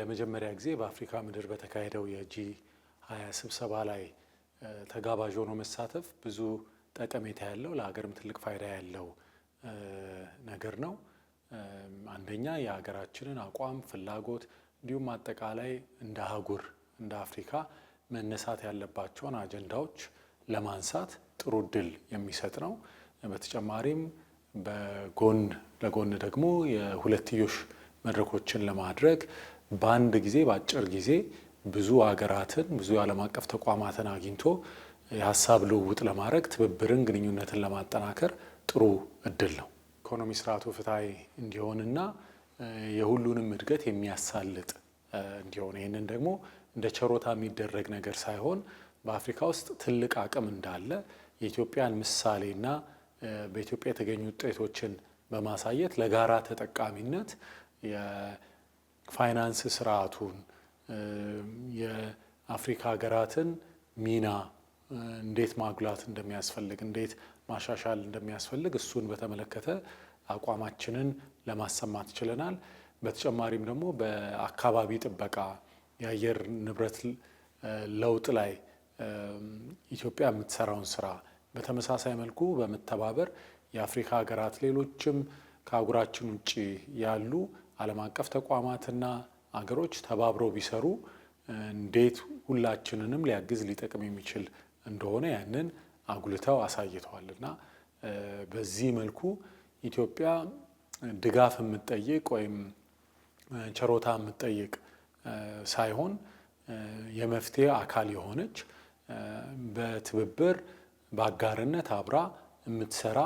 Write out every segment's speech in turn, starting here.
ለመጀመሪያ ጊዜ በአፍሪካ ምድር በተካሄደው የጂ ሀያ ስብሰባ ላይ ተጋባዥ ሆኖ መሳተፍ ብዙ ጠቀሜታ ያለው ለሀገርም ትልቅ ፋይዳ ያለው ነገር ነው። አንደኛ የሀገራችንን አቋም፣ ፍላጎት እንዲሁም አጠቃላይ እንደ አህጉር እንደ አፍሪካ መነሳት ያለባቸውን አጀንዳዎች ለማንሳት ጥሩ እድል የሚሰጥ ነው። በተጨማሪም በጎን ለጎን ደግሞ የሁለትዮሽ መድረኮችን ለማድረግ በአንድ ጊዜ በአጭር ጊዜ ብዙ ሀገራትን ብዙ የዓለም አቀፍ ተቋማትን አግኝቶ የሀሳብ ልውውጥ ለማድረግ ትብብርን፣ ግንኙነትን ለማጠናከር ጥሩ እድል ነው። ኢኮኖሚ ስርዓቱ ፍትሐዊ እንዲሆንና የሁሉንም እድገት የሚያሳልጥ እንዲሆን ይህንን ደግሞ እንደ ቸሮታ የሚደረግ ነገር ሳይሆን በአፍሪካ ውስጥ ትልቅ አቅም እንዳለ የኢትዮጵያን ምሳሌና በኢትዮጵያ የተገኙ ውጤቶችን በማሳየት ለጋራ ተጠቃሚነት ፋይናንስ ስርዓቱን የአፍሪካ ሀገራትን ሚና እንዴት ማጉላት እንደሚያስፈልግ እንዴት ማሻሻል እንደሚያስፈልግ እሱን በተመለከተ አቋማችንን ለማሰማት ችለናል። በተጨማሪም ደግሞ በአካባቢ ጥበቃ የአየር ንብረት ለውጥ ላይ ኢትዮጵያ የምትሰራውን ስራ በተመሳሳይ መልኩ በመተባበር የአፍሪካ ሀገራት ሌሎችም ከአህጉራችን ውጭ ያሉ ዓለም አቀፍ ተቋማትና አገሮች ተባብረው ቢሰሩ እንዴት ሁላችንንም ሊያግዝ ሊጠቅም የሚችል እንደሆነ ያንን አጉልተው አሳይተዋል እና በዚህ መልኩ ኢትዮጵያ ድጋፍ የምትጠይቅ ወይም ቸሮታ የምትጠይቅ ሳይሆን የመፍትሄ አካል የሆነች በትብብር በአጋርነት አብራ የምትሰራ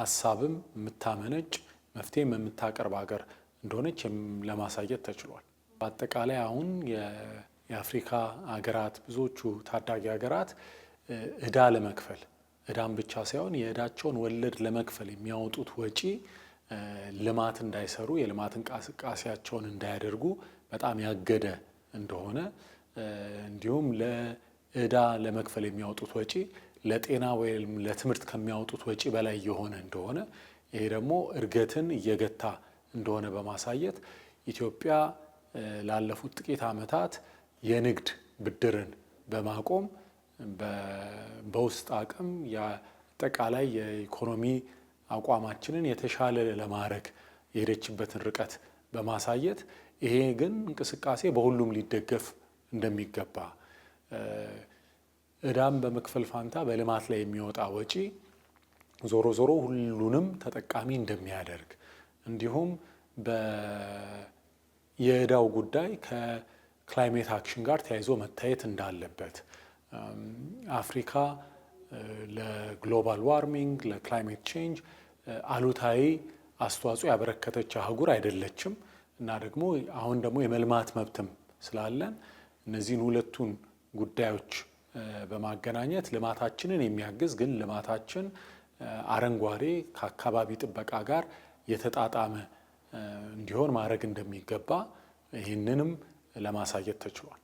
ሀሳብም የምታመነጭ መፍትሄም የምታቀርብ ሀገር እንደሆነች ለማሳየት ተችሏል። በአጠቃላይ አሁን የአፍሪካ ሀገራት ብዙዎቹ ታዳጊ ሀገራት እዳ ለመክፈል እዳን ብቻ ሳይሆን የእዳቸውን ወለድ ለመክፈል የሚያወጡት ወጪ ልማት እንዳይሰሩ የልማት እንቅስቃሴያቸውን እንዳያደርጉ በጣም ያገደ እንደሆነ እንዲሁም ለእዳ ለመክፈል የሚያወጡት ወጪ ለጤና ወይም ለትምህርት ከሚያወጡት ወጪ በላይ የሆነ እንደሆነ ይሄ ደግሞ እድገትን እየገታ እንደሆነ በማሳየት ኢትዮጵያ ላለፉት ጥቂት ዓመታት የንግድ ብድርን በማቆም በውስጥ አቅም የአጠቃላይ የኢኮኖሚ አቋማችንን የተሻለ ለማድረግ የሄደችበትን ርቀት በማሳየት ይሄ ግን እንቅስቃሴ በሁሉም ሊደገፍ እንደሚገባ እዳም በመክፈል ፋንታ በልማት ላይ የሚወጣ ወጪ ዞሮ ዞሮ ሁሉንም ተጠቃሚ እንደሚያደርግ እንዲሁም የእዳው ጉዳይ ከክላይሜት አክሽን ጋር ተያይዞ መታየት እንዳለበት አፍሪካ ለግሎባል ዋርሚንግ ለክላይሜት ቼንጅ አሉታዊ አስተዋጽኦ ያበረከተች አህጉር አይደለችም እና ደግሞ አሁን ደግሞ የመልማት መብትም ስላለን እነዚህን ሁለቱን ጉዳዮች በማገናኘት ልማታችንን የሚያግዝ ግን ልማታችን አረንጓዴ ከአካባቢ ጥበቃ ጋር የተጣጣመ እንዲሆን ማድረግ እንደሚገባ ይህንንም ለማሳየት ተችሏል።